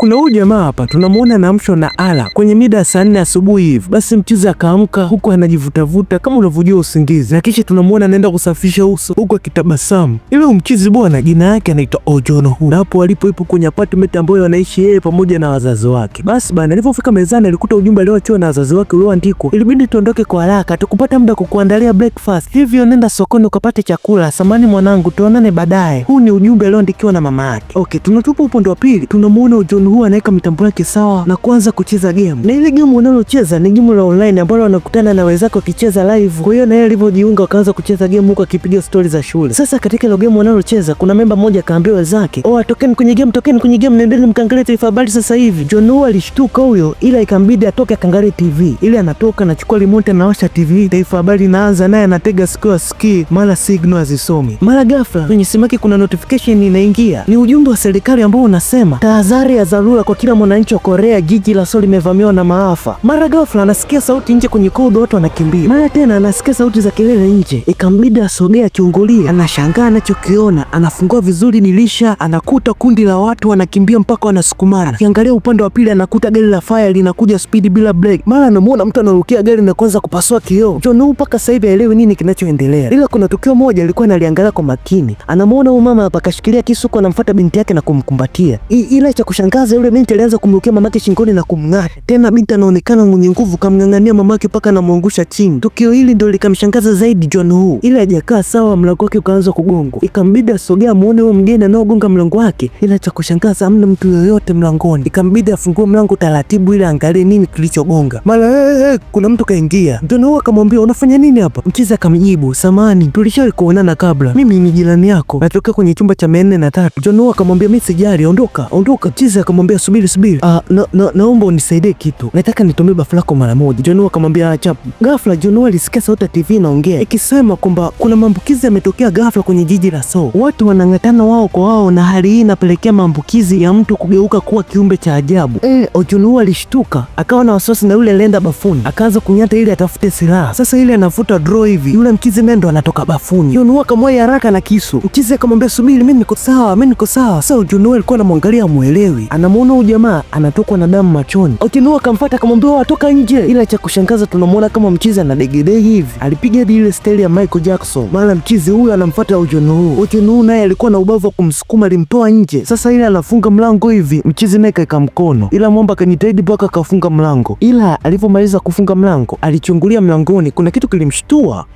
Kuna huyu jamaa hapa tunamwona anaamshwa na ala kwenye mida ya saa nne asubuhi hivi. Basi mchizi akaamka huku anajivutavuta kama unavyojua usingizi, na kisha tunamwona anaenda kusafisha uso huku akitabasamu. Ile mchizi bwana, jina yake anaitwa Ojono huyu, na hapo alipo ipo kwenye apartment ambayo anaishi yeye pamoja na wazazi wake. Basi bana, alipofika mezani alikuta ujumbe alioachiwa na wazazi wake ulioandikwa, ilibidi tuondoke kwa haraka, tukupata muda kukuandalia breakfast, hivyo nenda sokoni ukapate chakula. Samani mwanangu, tuonane baadaye. Huu ni ujumbe alioandikiwa na mama yake. Okay, tunatupa upande wa pili, tunamwona Ojono huwa anaweka mitambo yake sawa na kuanza kucheza game, na ile game unalocheza ni game la online ambalo wanakutana na wenzako wakicheza live. Kwa hiyo na yeye alivyojiunga akaanza kucheza game huko akipiga stori za shule. Sasa katika ile game wanalocheza kuna memba mmoja akaambia wenzake, oh, tokeni kwenye game, tokeni kwenye game, nendeni mkaangalie taifa habari sasa hivi. John huu alishtuka huyo, ila ikambidi atoke akaangalie TV. Ile anatoka anachukua remote anawasha TV, taifa habari inaanza, naye anatega sikio ski, mara signal hazisomi, mara ghafla kwenye simu yake kuna notification inaingia, ni ujumbe wa serikali ambao unasema tahadhari ya dharura kwa kila mwananchi wa Korea, jiji la Seoul limevamiwa na maafa. Mara ghafla anasikia sauti nje kwenye korido, watu wanakimbia. Mara tena anasikia sauti za kelele nje, ikambidi asogea akiungulia. Anashangaa anachokiona, anafungua vizuri dirisha, anakuta kundi la watu wanakimbia mpaka wanasukumana. Akiangalia upande wa pili, anakuta gari la fire linakuja spidi bila breki. Mara anamuona mtu anarukia gari na kuanza kupasua kioo. John mpaka sasa hivi haelewi nini kinachoendelea, ila kuna tukio moja alikuwa analiangalia kwa makini. Anamuona huyu mama hapa kashikilia kisu, anamfuata binti yake na kumkumbatia, ila cha kushangaza kwanza yule binti alianza kumrukia mamake shingoni na kumng'ata. Tena binti anaonekana mwenye nguvu, kamng'ang'ania mamake mpaka anamwangusha chini. Tukio hili ndio likamshangaza zaidi John Woo, ila hajakaa sawa, mlango wake ukaanza kugongwa. Ikambidi asogea muone huyo mgeni anaogonga mlango wake, ila cha kushangaza hamna mtu yoyote mlangoni. Ikambidi afungue mlango taratibu, ili angalie nini kilichogonga. Mara hey, eh, eh, hey, eh, kuna mtu kaingia. John Woo akamwambia unafanya nini hapa? Mchizi akamjibu samani, tulishawahi kuonana kabla, mimi ni jirani yako, natokea kwenye chumba cha mia nne na tatu. John Woo akamwambia mimi sijali, ondoka ondoka. Mchizi akamwambia akamwambia subiri, subiri, uh, na, na, unisaidie kitu, nataka nitumie bafu lako mara moja. John akamwambia achapu. Ghafla John alisikia sauti ya TV inaongea ikisema kwamba kuna maambukizi yametokea ghafla kwenye jiji la Seoul, watu wanang'atana wao kwa wao, na hali hii inapelekea maambukizi ya mtu kugeuka kuwa kiumbe cha ajabu. E, John Woo alishtuka akawa na wasiwasi, na yule alienda bafuni akaanza kunyata ili atafute silaha. Sasa ile anavuta draw hivi, yule mchizi mendo anatoka bafuni. John Woo haraka na kisu. Mchizi akamwambia subiri, mimi niko sawa, mimi niko sawa. Sasa John alikuwa anamwangalia, mwelewi ana anamwona huyu jamaa anatokwa na damu machoni. Otieno akamfuata akamwambia watoka oh, nje, ila cha kushangaza tunamwona kama mchizi anadegedege hivi, alipiga hadi ile steli ya Michael Jackson. Mara mchizi huyu anamfuata Otieno huu, Otieno naye alikuwa na ubavu wa kumsukuma, alimtoa nje. Sasa ile anafunga mlango hivi, mchizi naye kaeka mkono, ila mwamba akajitahidi mpaka akafunga mlango, ila alivyomaliza kufunga mlango alichungulia mlangoni, kuna kitu kilimshtua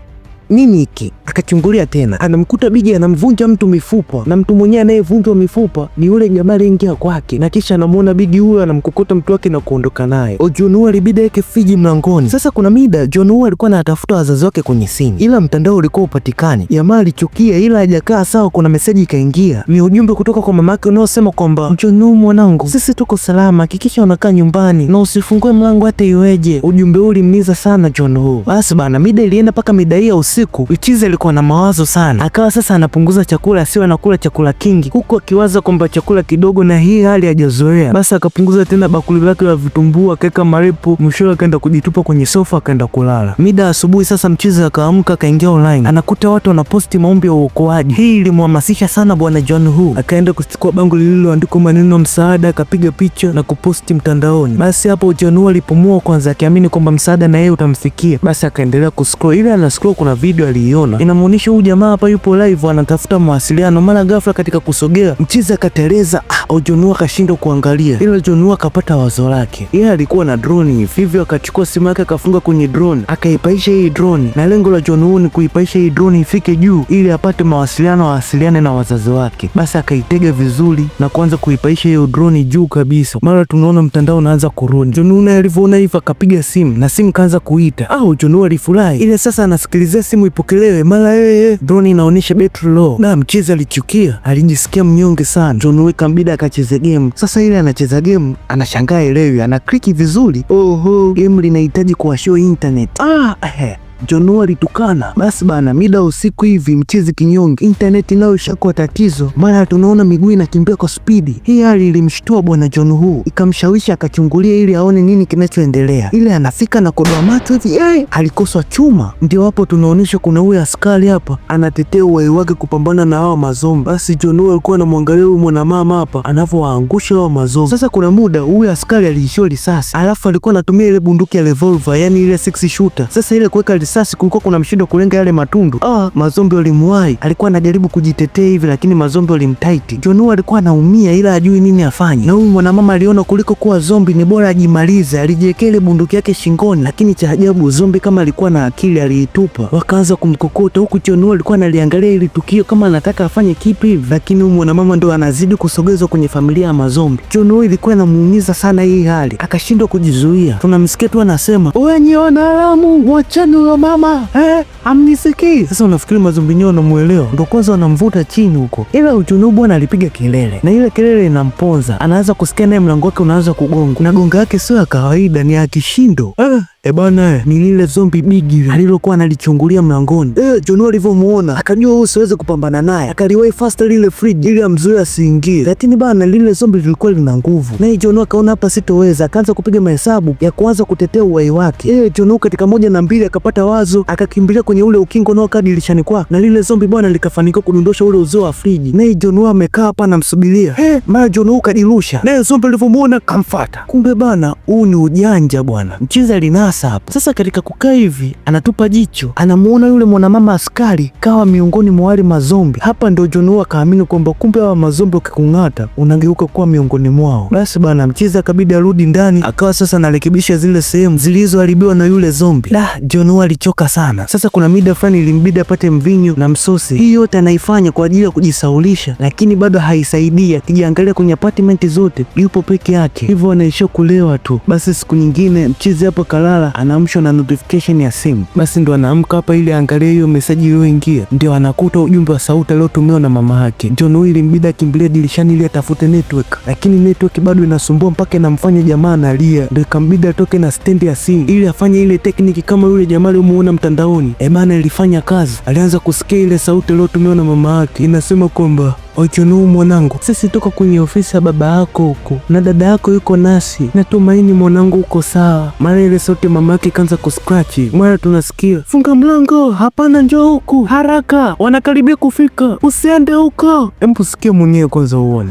nini hiki? Akachungulia tena, anamkuta Bigi anamvunja mtu mifupa, na mtu mwenyewe anayevunjwa mifupa ni yule jamaa aliyeingia kwake, na kisha anamwona Bigi huyo anamkokota mtu wake na kuondoka naye. Ojunuo oh, alibidi aweke fiji mlangoni. Sasa kuna mida Jonuo alikuwa anatafuta wazazi wake kwenye simu, ila mtandao ulikuwa upatikani. Jamaa alichukia, ila hajakaa sawa, kuna meseji ikaingia, ni ujumbe kutoka kwa mamake unaosema kwamba Jonuo, mwanangu, sisi tuko salama, hakikisha unakaa nyumbani na usifungue mlango hata iweje. Ujumbe huu ulimniza sana Jonuo. Basi bana, mida ilienda mpaka mida hii ya usiku usiku, Michiza alikuwa na mawazo sana, akawa sasa anapunguza chakula, asiwe anakula chakula kingi, huku akiwaza kwamba chakula kidogo na hii hali hajazoea. Basi akapunguza tena bakuli lake la vitumbua, akaweka marepu, mwishowe akaenda kujitupa kwenye sofa, akaenda kulala. Mida asubuhi sasa, Mchiza akaamka, akaingia online, anakuta watu wanaposti maombi ya uokoaji. Hii ilimhamasisha sana bwana John Hu, akaenda kuchukua bango lililoandikwa maneno msaada, akapiga picha na kuposti mtandaoni. Basi hapo John Hu alipumua kwanza, akiamini kwamba msaada na yeye utamfikia. Basi akaendelea kuscroll, ile ana scroll kuna video aliiona, inamuonyesha huyu jamaa hapa yupo live anatafuta mawasiliano, mara ghafla katika kusogea mchizi akateleza ah, Ojonuwa akashindwa kuangalia, ila Ojonuwa akapata wazo lake. Yeye alikuwa na droni, vivyo akachukua simu yake akafunga kwenye droni, akaipaisha hii droni, na lengo la Ojonuwa ni kuipaisha hii droni ifike juu ili apate mawasiliano, awasiliane na wazazi wake. Basi akaitega vizuri na kuanza kuipaisha hiyo droni juu kabisa. Mara tunaona mtandao unaanza kurudi. Ojonuwa naye alivyoona hivyo akapiga simu na simu kaanza kuita. Ah, Ojonuwa alifurahi, ila sasa anasikilizia simu ipokelewe, mara yeye droni inaonyesha battery low. Na mchezi alichukia, alijisikia mnyonge sana. Ojonuwa ikambida akacheze acheze game. Sasa ile anacheza game, anashangaa elewi, ana kliki vizuri, oho, game linahitaji kuwashow internet. Ah, eh. John alitukana. Basi bana, mida usiku hivi mchezi kinyonge, intaneti nayo ishakuwa tatizo, mara tunaona miguu inakimbia kwa spidi. Hii hali ilimshtua bwana John huu, ikamshawisha akachungulia ili aone nini kinachoendelea. Ile anafika na kodoa macho hivi hey, eh, alikoswa chuma. Ndio hapo tunaonyeshwa kuna huyo askari hapa anatetea uhai wake kupambana na hawa mazombi. Basi John huu alikuwa anamwangalia huyu mwanamama hapa anavyowaangusha hawa mazombi. Sasa kuna muda huyu askari aliishiwa risasi, alafu alikuwa anatumia ile bunduki ya revolver, yani ile six shooter. Sasa ile kuweka risasi kulikuwa kuna mshindo kulenga yale matundu. Ah, mazombi walimwahi, alikuwa anajaribu kujitetea hivi, lakini mazombi walimtaiti. Jonu alikuwa anaumia, ila ajui nini afanye, na huyu mwanamama aliona kuliko kuwa zombi ni bora ajimalize. Alijiwekea ile bunduki yake shingoni, lakini cha ajabu zombi kama alikuwa na akili aliitupa, wakaanza kumkokota, huku Jonu alikuwa analiangalia ili tukio kama anataka afanye kipi hivi, lakini huyu mwanamama ndo anazidi kusogezwa kwenye familia ya mazombi. Jonu ilikuwa inamuumiza sana hii hali, akashindwa kujizuia. Tunamsikia tu anasema, wenye wanalamu wachani mama eh, amnisikii. Sasa unafikiri mazumbinyo anamwelewa? Ndo kwanza anamvuta chini huko, ila uchunu bwana alipiga kelele na ile kelele inamponza, anaanza kusikia naye mlango wake unaanza kugonga, na gonga yake sio ya kawaida, ni ya kishindo eh. E bwana, eh, ni lile zombi bigi alilokuwa analichungulia mlangoni. Eh, Jonu alivyomuona akajua huyu siwezi kupambana naye, akaliwai fasta lile fridge ili amzuie asiingie, lakini bwana, lile zombi lilikuwa lina nguvu, naye Jonu akaona hapa sitoweza, akaanza kupiga mahesabu ya kuanza kutetea uhai wake. Eh, Jonu katika moja na mbili akapata wazo, akakimbilia kwenye ule ukingo nao kadirishani kwake, na lile zombi bwana likafanikiwa kudondosha ule uzio wa friji, naye Jonu amekaa hapa anamsubiria. Eh, mara Jonu kadirusha, naye zombi alivyomuona kamfata. Kumbe bana, huu ni ujanja bwana, mcheza lina madarasa hapa. Sasa katika kukaa hivi, anatupa jicho, anamuona yule mwanamama askari kawa miongoni mwa wale mazombi. Hapa ndo John Woo akaamini kwamba kumbe hawa mazombi wakikung'ata unageuka kuwa miongoni mwao. Basi bana, mcheza akabidi arudi ndani, akawa sasa anarekebisha zile sehemu zilizoharibiwa na yule zombi. La, John Woo alichoka sana. Sasa kuna mida fulani ilimbidi apate mvinyo na msosi. Hii yote anaifanya kwa ajili ya kujisaulisha, lakini bado haisaidii. Akijiangalia kwenye apartment zote, yupo peke yake, hivyo anaishia kulewa tu. Basi siku nyingine mchizi hapo kalala mara anaamshwa na notification ya simu, basi ndo anaamka hapa ili angalie hiyo meseji iliyoingia, ndio anakuta ujumbe wa sauti aliotumiwa na mama yake. John huyu ilimbidi akimbilie dirishani ili atafute network, lakini network bado inasumbua mpaka inamfanya jamaa analia, ndio ikambidi atoke na stendi ya simu ili afanye ile tekniki kama yule jamaa aliyomuona mtandaoni. Ebana eh ilifanya kazi, alianza kusikia ile sauti aliyotumiwa na mama yake inasema kwamba Ochonuu mwanangu, sisi tuko kwenye ofisi ya baba yako huko na dada yako yuko nasi. Natumaini mwanangu uko sawa, maana ile sauti mama yake ikaanza kuscratch. Mara tunasikia funga mlango, hapana, njoo huku haraka, wanakaribia kufika, usiende huko. Hebu sikia mwenyewe kwanza uone.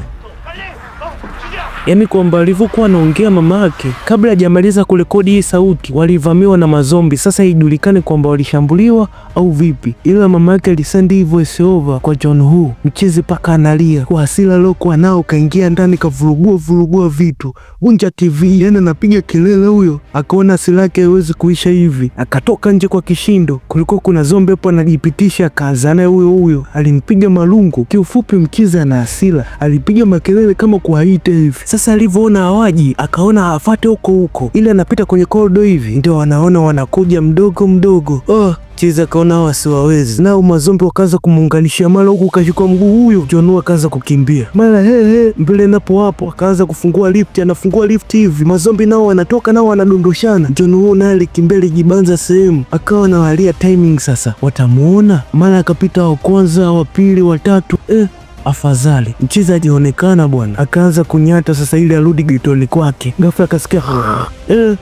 Yaani kwamba alivyokuwa anaongea mama yake, kabla hajamaliza kurekodi hii sauti, walivamiwa na mazombi. Sasa ijulikane kwamba walishambuliwa au vipi, ila mama yake alisend voice over kwa John Hu mchezi paka analia kwa hasira aliokuwa nao, kaingia ndani kavurugua vurugua vitu, vunja TV, yani anapiga kelele huyo. Akaona hasira yake haiwezi kuisha hivi, akatoka nje kwa kishindo. Kulikuwa kuna zombi hapo anajipitisha, kaazana huyo huyo, alimpiga marungu. Kiufupi mchezi ana hasira, alipiga makelele kama kuwaita hivi. Sasa alivyoona hawaji, akaona afate huko huko, ili anapita kwenye korido hivi, ndio wanaona wanakuja mdogo mdogo. Oh, kucheza akaona wasiwawezi, nao mazombi wakaanza kumuunganishia mara huku kashikwa mguu huyo, John akaanza kukimbia mara he he mbele napo hapo, akaanza kufungua lifti anafungua lifti hivi mazombi nao wanatoka nao wanadondoshana. John huyo naye alikimbia lijibanza sehemu, akawa nawalia timing, sasa watamuona. Mara akapita wa kwanza, wa pili, wa tatu eh. Afadhali mcheza ajionekana bwana, akaanza kunyata sasa ili arudi gitoni kwake. Ghafla akasikia ah. eh,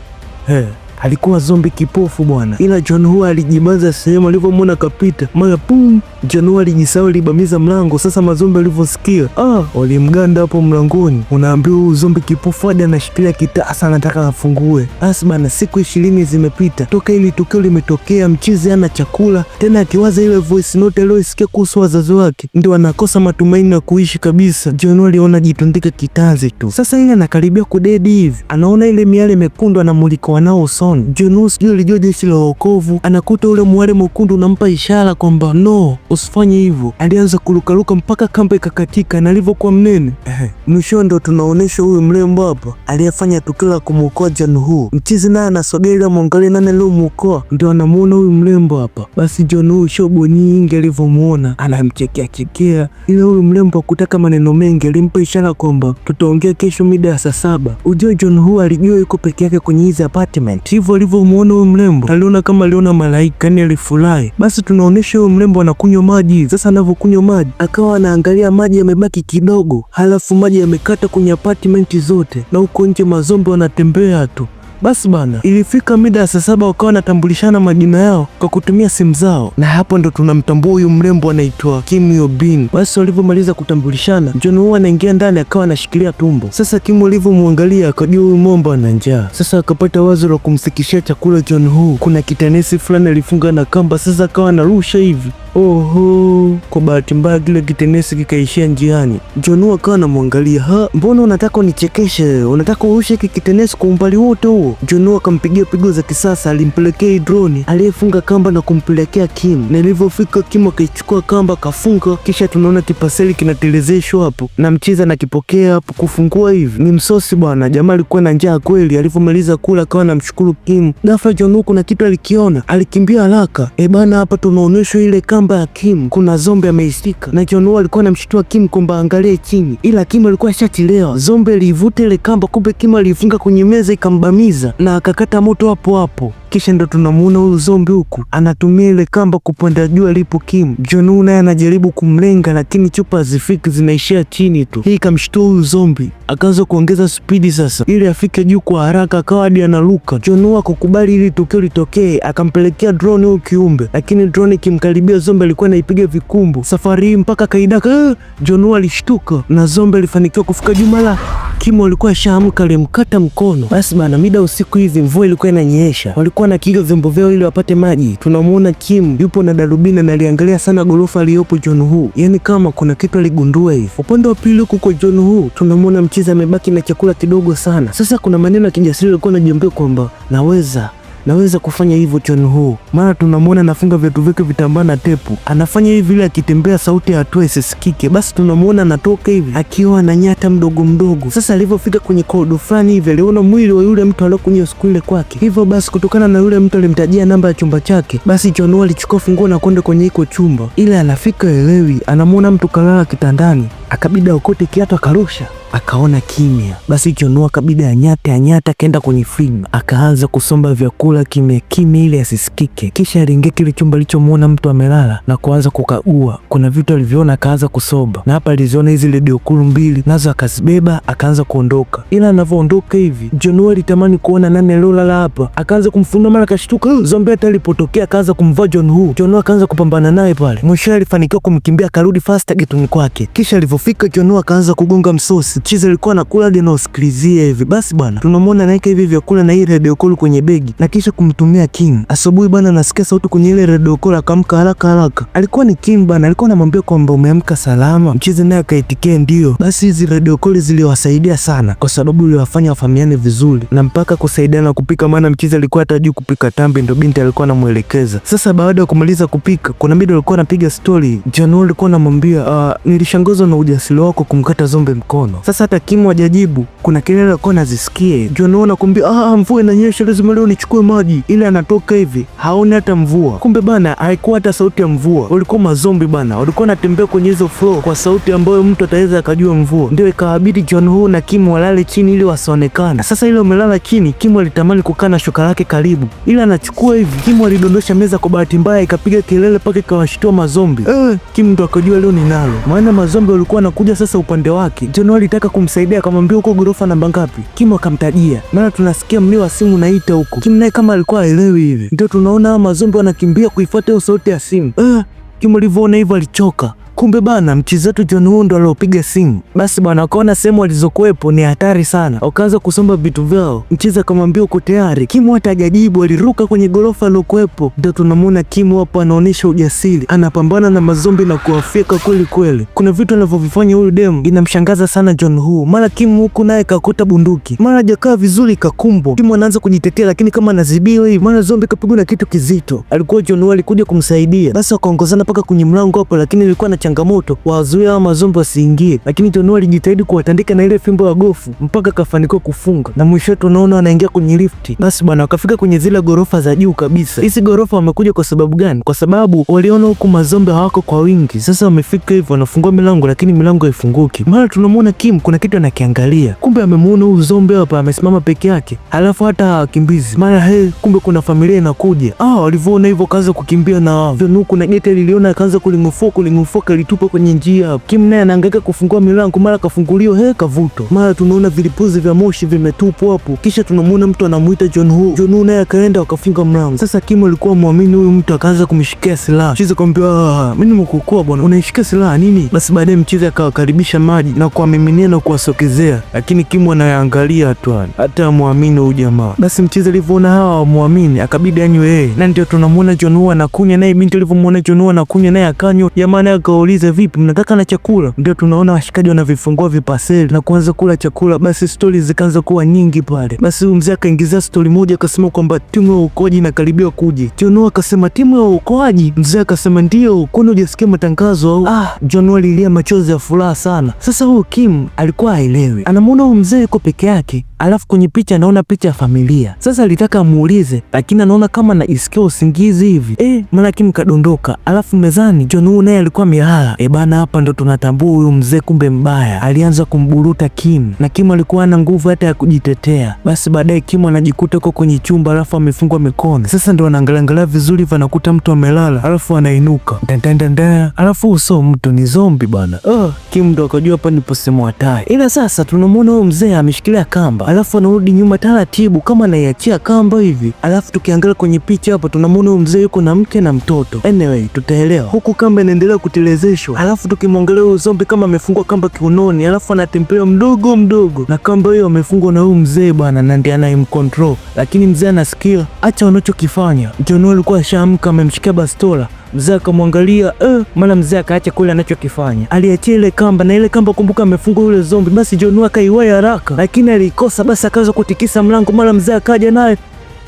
eh alikuwa zombi kipofu bwana, ila John Hua alijibanza sehemu alivyomwona kapita, mara pum, John Hua alijisahau, alibamiza mlango. Sasa mazombi alivyosikia, ah, walimganda hapo mlangoni. Unaambiwa huyu zombi kipofu hadi anashikilia kitasa anataka afungue. Basi bana, siku ishirini zimepita toka ili tukio limetokea. Mchizi ana chakula tena, akiwaza ile voice note aliyoisikia kuhusu wazazi wake, ndio anakosa matumaini ya kuishi kabisa. John aliona jitundike kitanzi tu. Sasa ile anakaribia kudedi hivi, anaona ile miale mekundu anamulika nao usoni John. Junus juu alijua jeshi la wokovu, anakuta ule mwale mwekundu unampa ishara kwamba no, usifanye hivyo. Alianza kurukaruka mpaka kamba ikakatika na alivyokuwa mnene. Ehe, mwisho ndo tunaonyesha huyu mrembo hapa aliyefanya tukio la kumwokoa John huu. Mchizi naye anasogea ili amwangalie nani aliyomwokoa, ndio anamuona huyu mrembo hapa. Basi John huu shobo nyingi alivyomuona anamchekea chekea, ila huyu mrembo hakutaka maneno mengi, alimpa ishara kwamba tutaongea kesho mida ya saa saba. Ujue John huu alijua yuko peke yake kwenye hizi apartment ndivyo alivyomwona huyo mrembo, aliona kama aliona malaika, yani alifurahi. Basi tunaonyesha huyo mrembo anakunywa maji. Sasa anavyokunywa maji, akawa anaangalia maji yamebaki kidogo, halafu maji yamekata kwenye apartment zote, na huko nje mazombe wanatembea tu. Basi bana, ilifika mida ya saa saba wakawa wanatambulishana majina yao kwa kutumia simu zao, na hapo ndo tunamtambua huyu mrembo anaitwa Kim yobin Basi walivyomaliza kutambulishana, John Woo anaingia ndani akawa anashikilia tumbo. Sasa Kim alivyomwangalia akajua huyu momba ana njaa, sasa akapata wazo la kumfikishia chakula John Woo. Kuna kitenesi fulani alifunga na kamba, sasa akawa anarusha hivi Oho, kwa bahati mbaya kile kitenesi kikaishia njiani. Jonu akawa anamwangalia, ha, mbona unataka unichekeshe? Unataka urushe hiki kitenesi kwa umbali wote huo? Jonu akampigia pigo za kisasa, alimpelekea droni aliyefunga kamba na kumpelekea Kim, na ilivyofika Kim akaichukua kamba akafunga, kisha tunaona kipaseli kinatelezeshwa hapo na mchiza nakipokea hapo. Kufungua hivi ni msosi bwana, jamaa alikuwa na njaa kweli. Alivyomaliza kula akawa anamshukuru Kim. Ghafla Jonu kuna kitu alikiona, alikimbia haraka. Eh bana, hapa tunaonyeshwa ile kamba namba ya Kim kuna zombe ameisika, na John Wall alikuwa anamshutua Kim kwamba angalie chini, ila Kim alikuwa shachelewa. zombe liivute ile kamba, kumbe Kim aliifunga kwenye meza ikambamiza na akakata moto hapo hapo kisha ndo tunamuona huyu zombi huku anatumia ile kamba kupanda juu alipo Kim. Jonu naye anajaribu kumlenga, lakini chupa hazifiki, zinaishia chini tu. Hii ikamshtua huyu zombi, akaanza kuongeza spidi sasa ili afike juu kwa haraka, akawa hadi anaruka. Jonu akukubali ili tukio litokee, akampelekea drone huyu kiumbe, lakini drone ikimkaribia zombi alikuwa anaipiga vikumbo safari hii mpaka kaidaka. Eh, Jonu alishtuka na zombi alifanikiwa kufika juu mara Kim alikuwa ashaamka, alimkata mkono. Basi bana, mida usiku hizi mvua ilikuwa inanyesha, walikuwa walikuwa na kiga vyombo vyao ili wapate maji. Tunamwona Kim yupo na darubini aliangalia sana gorofa aliyopo John Hu, yaani kama kuna kitu aligundua hivi. Upande wa pili huko kwa John Hu tunamwona mchizi amebaki na chakula kidogo sana. Sasa kuna maneno ya kijasiri alikuwa anajiombea kwamba naweza naweza kufanya hivyo john Ho. Mara tunamwona anafunga viatu vyake vitambaa na tepu, anafanya hivi ile akitembea sauti ya hatua isisikike. Basi tunamwona anatoka hivi akiwa na nyata mdogo mdogo. Sasa alivyofika kwenye korido fulani hivi aliona mwili wa yule mtu aliyokunywa siku ile kwake, hivyo basi kutokana na yule mtu alimtajia namba ya chumba chake, basi Chon Ho alichukua funguo na kwenda kwenye iko chumba, ila anafika elewi, anamwona mtu kalala kitandani, akabidi aokote kiatu akarusha akaona kimya, basi ya nyata anyate anyate, akaenda kwenye friji akaanza kusomba vyakula kimya kimya ili asisikike. Kisha aliingia kile chumba alichomwona mtu amelala na kuanza kukagua, kuna vitu alivyoona akaanza kusoba, na hapa aliziona hizi redio kulu mbili, nazo akazibeba akaanza kuondoka. Ila anavyoondoka hivi, Jonua alitamani kuona nani aliolala hapa, akaanza kumfunua mara, akashtuka zombi hata alipotokea akaanza kumvaa John Woo. akaanza kupambana naye pale, mwishowe alifanikiwa kumkimbia, akarudi fasta getuni kwake. Kisha alivyofika, Jonua akaanza kugonga msosi Chizi alikuwa anakula na usikilizie hivi. Basi bwana, tunamwona anaweka hivi vyakula na hii radio call kwenye begi na kisha kumtumia King. Asubuhi bwana, anasikia sauti kwenye ile radio call, akaamka haraka haraka. Alikuwa ni King bwana, alikuwa anamwambia kwamba umeamka salama. Mchizi naye akaitikia ndio. Basi hizi radio call ziliwasaidia sana, kwa sababu iliwafanya wafahamiane vizuri na mpaka kusaidiana kupika, maana mchizi alikuwa hatajui kupika tambi, ndo binti alikuwa anamwelekeza. Sasa baada ya kumaliza kupika, kuna mida alikuwa anapiga stori, Januari alikuwa anamwambia, ah, nilishangazwa na ujasiri wako kumkata Zombe mkono. Sasa hata Kim hajajibu, kuna kelele alikuwa nazisikia ndio anaona kumbe, ah, mvua inanyesha, lazima leo nichukue maji, Ile anatoka hivi haoni hata mvua. Kumbe bana, haikuwa hata sauti ya mvua, walikuwa mazombi bana, walikuwa wanatembea kwenye hizo floor kwa sauti ambayo mtu ataweza akajua mvua. Ndio ikawabidi John Ho na Kim walale chini ili wasionekana. Sasa ile umelala chini, Kim alitamani kukaa na shuka lake karibu, ila anachukua hivi, Kim alidondosha meza kwa bahati mbaya, ikapiga kelele mpaka ikawashtua mazombi. Eh, Kim ndo akajua leo ninalo, maana mazombi walikuwa wanakuja sasa upande wake John Alitaka kumsaidia akamwambia huko ghorofa namba ngapi. Kim akamtajia, maana tunasikia mlio wa simu naita huko. Kim naye kama alikuwa aelewi hivi, ndio tunaona mazombi wanakimbia kuifuata hiyo sauti ya simu. Eh, Kim alivyoona hivyo alichoka kumbe bana wetu John huo ndo aliopiga simu. Basi bwana, akaona sehemu alizokuwepo ni hatari sana, wakaanza kusomba vitu vyao. Mcheza akamwambia uko tayari, Kimu hata hajajibu, aliruka kwenye gorofa aliokuwepo. ndo tunamwona Kimu hapo anaonyesha ujasiri, anapambana na mazombi na kuwafyeka kweli kweli. Kuna vitu anavyovifanya huyu demu inamshangaza sana John huu. Mara Kimu huku naye kakuta bunduki, mara hajakaa vizuri kakumbo. Kimu anaanza kujitetea, lakini kama anazibiwa hivi, mara zombi kapigwa na kitu kizito. Alikuwa John huu alikuja kumsaidia, basi wakaongozana mpaka kwenye mlango hapo, lakini ilikuwa na changamoto wazuia hawa mazombe wasiingie, lakini Tonua alijitahidi kuwatandika na ile fimbo ya gofu mpaka akafanikiwa kufunga, na mwisho tunaona anaingia kwenye lifti. Basi bwana, wakafika kwenye zile ghorofa za juu kabisa. Hizi ghorofa wamekuja kwa sababu gani? Kwa sababu waliona huku mazombe hawako kwa wingi. Sasa wamefika hivyo, wanafungua milango, lakini milango haifunguki. Mara tunamwona Kim kuna kitu anakiangalia, kumbe amemuona huu zombe hapa amesimama peke yake, halafu hata hawakimbizi. Mara he, kumbe kuna familia inakuja. Ah, walivyoona hivyo kaanza kukimbia na vyonuku na geti liliona akaanza kuling'ufua kuling'ufua alitupa kwenye njia. hapo. Kim naye anahangaika kufungua milango, mara kafunguliwa, he kavuto, Mara tunaona vilipuzi vya moshi vimetupwa hapo, kisha tunamwona mtu anamwita John Woo. John Woo naye akaenda wakafunga mlango. Sasa Kim alikuwa mwamini huyu mtu, akaanza kumshikia silaha. Mchizi akamwambia ah, ah, ah, mimi nimekuokoa bwana, unaishikia silaha nini? Basi baadaye mchizi akawakaribisha maji na kuwamiminia na kuwasokezea, lakini Kim anayaangalia tu, hata amwamini huyu jamaa. Basi mchizi alivyoona hawa wamwamini akabidi anywe yeye, na ndio tunamwona John Woo anakunywa naye, binti alivyomwona John Woo anakunywa naye akanywa, jamaa naye tuwaulize vipi, mnataka na chakula? Ndio tunaona washikaji wanavifungua vipaseli na kuanza kula chakula. Basi stori zikaanza kuwa nyingi pale. Basi mzee akaingizia stori moja akasema kwamba timu ya uokoaji inakaribia kuja. Jonoa akasema timu ya uokoaji? Mzee akasema ndio, kwani hujasikia matangazo au? Ah, Jonoa alilia machozi ya furaha sana. Sasa huyu Kim alikuwa haelewi, anamwona huyu mzee yuko peke yake alafu kwenye picha anaona picha ya familia. Sasa alitaka amuulize, lakini anaona kama anaisikia usingizi hivi. Eh, e, mara Kim kadondoka, alafu mezani Jonu naye alikuwa miaha amelala. E eh, bana, hapa ndo tunatambua huyu mzee kumbe mbaya, alianza kumburuta Kim na Kim alikuwa hana nguvu hata ya kujitetea. Basi baadaye Kim anajikuta uko kwenye chumba, alafu amefungwa mikono. Sasa ndo anaangalangalia vizuri, vanakuta mtu amelala, alafu anainuka dandandanda, alafu uso mtu ni zombi bana. Oh, Kim ndo akajua hapa nipo sehemu hatari. Ila sasa tunamwona huyu mzee ameshikilia kamba, alafu anarudi nyuma taratibu kama anaiachia kamba hivi, alafu tukiangalia kwenye picha hapa tunamwona huyu mzee yuko na mke na mtoto. Anyway, tutaelewa huku kamba inaendelea kutelezea anaozeshwa, alafu tukimwangalia huyo zombi kama amefungwa kamba kiunoni, alafu anatembea mdogo mdogo, na kamba hiyo amefungwa na huyu mzee bwana, na ndiye anayemcontrol. Lakini mzee anasikia, acha wanachokifanya. Jono alikuwa ashaamka, amemshikia bastola mzee akamwangalia eh, maana mzee akaacha kule anachokifanya, aliachia ile kamba, na ile kamba kumbuka, amefungwa yule zombi. Basi Jonu akaiwai haraka, lakini alikosa, basi akaweza kutikisa mlango. Mara mzee akaja naye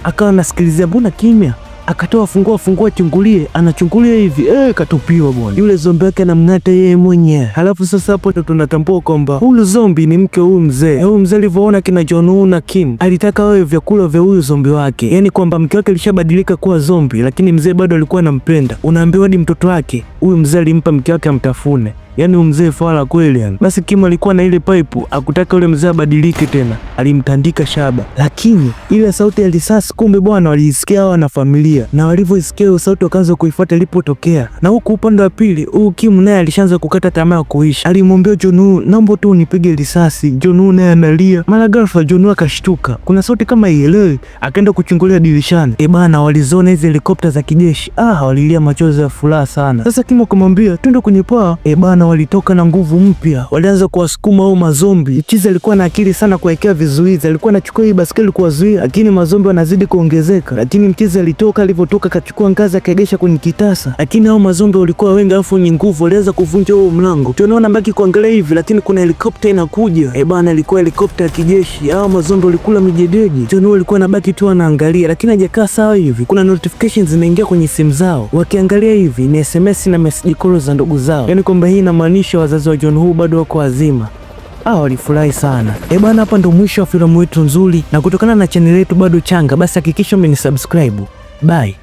akawa anasikilizia, mbona kimya? akatoa funguo, funguo chungulie, anachungulia hivi eh, katupiwa bwana. Yule zombi wake anamng'ata yeye mwenyewe. Halafu sasa hapo ndo tunatambua kwamba huyu zombi ni mke huyu mzee. Huyu mzee alivyoona kina John Woo na Kim alitaka wawe vyakula vya huyu zombi wake, yaani kwamba mke wake alishabadilika kuwa zombi, lakini mzee bado alikuwa anampenda. Unaambiwa hadi mtoto wake huyu mzee alimpa mke wake amtafune. Yaani mzee fala kweli yani. Basi Kimo alikuwa na ile pipe, akutaka yule mzee abadilike tena, alimtandika shaba. Lakini ile sauti ya risasi, kumbe bwana waliisikia na familia, na walivyoisikia hiyo sauti wakaanza kuifuata ilipotokea. Na huku upande wa pili, huyu Kimo naye alishaanza kukata tamaa ya kuishi, alimwambia Jonu, naomba tu unipige risasi. Jonu naye analia, mara ghafla Jonu akashtuka, kuna sauti kama ielewi, akaenda kuchungulia dirishani. E bana, walizona hizi helikopta za kijeshi. Ah, walilia machozi ya furaha sana. Sasa Kimo akamwambia twende kwenye paa. E bana Bwana walitoka na nguvu mpya, walianza kuwasukuma au mazombi. Mchizi alikuwa na akili sana kuwekea vizuizi, alikuwa anachukua hii baskeli kuwazuia, lakini mazombi wanazidi kuongezeka. Lakini mchizi alitoka, alivyotoka akachukua ngazi akaegesha kwenye kitasa, lakini hao mazombi walikuwa wengi afu wenye nguvu, waliweza kuvunja huo mlango. Tunaona mbaki kuangalia hivi, lakini kuna helikopta inakuja. Eh bana, ilikuwa helikopta ya kijeshi. Hao mazombi walikula mijedeji, tunaona walikuwa nabaki tu wanaangalia, lakini hajakaa sawa hivi, kuna notifications zinaingia kwenye simu zao, wakiangalia hivi ni SMS na message calls za ndugu zao, yani kwamba hii inamaanisha wazazi wa John Hu bado wako wazima. Ah, walifurahi sana. Eh, bwana hapa ndo mwisho wa filamu yetu nzuri na kutokana na chaneli yetu bado changa, basi hakikisha umenisubscribe. Bye.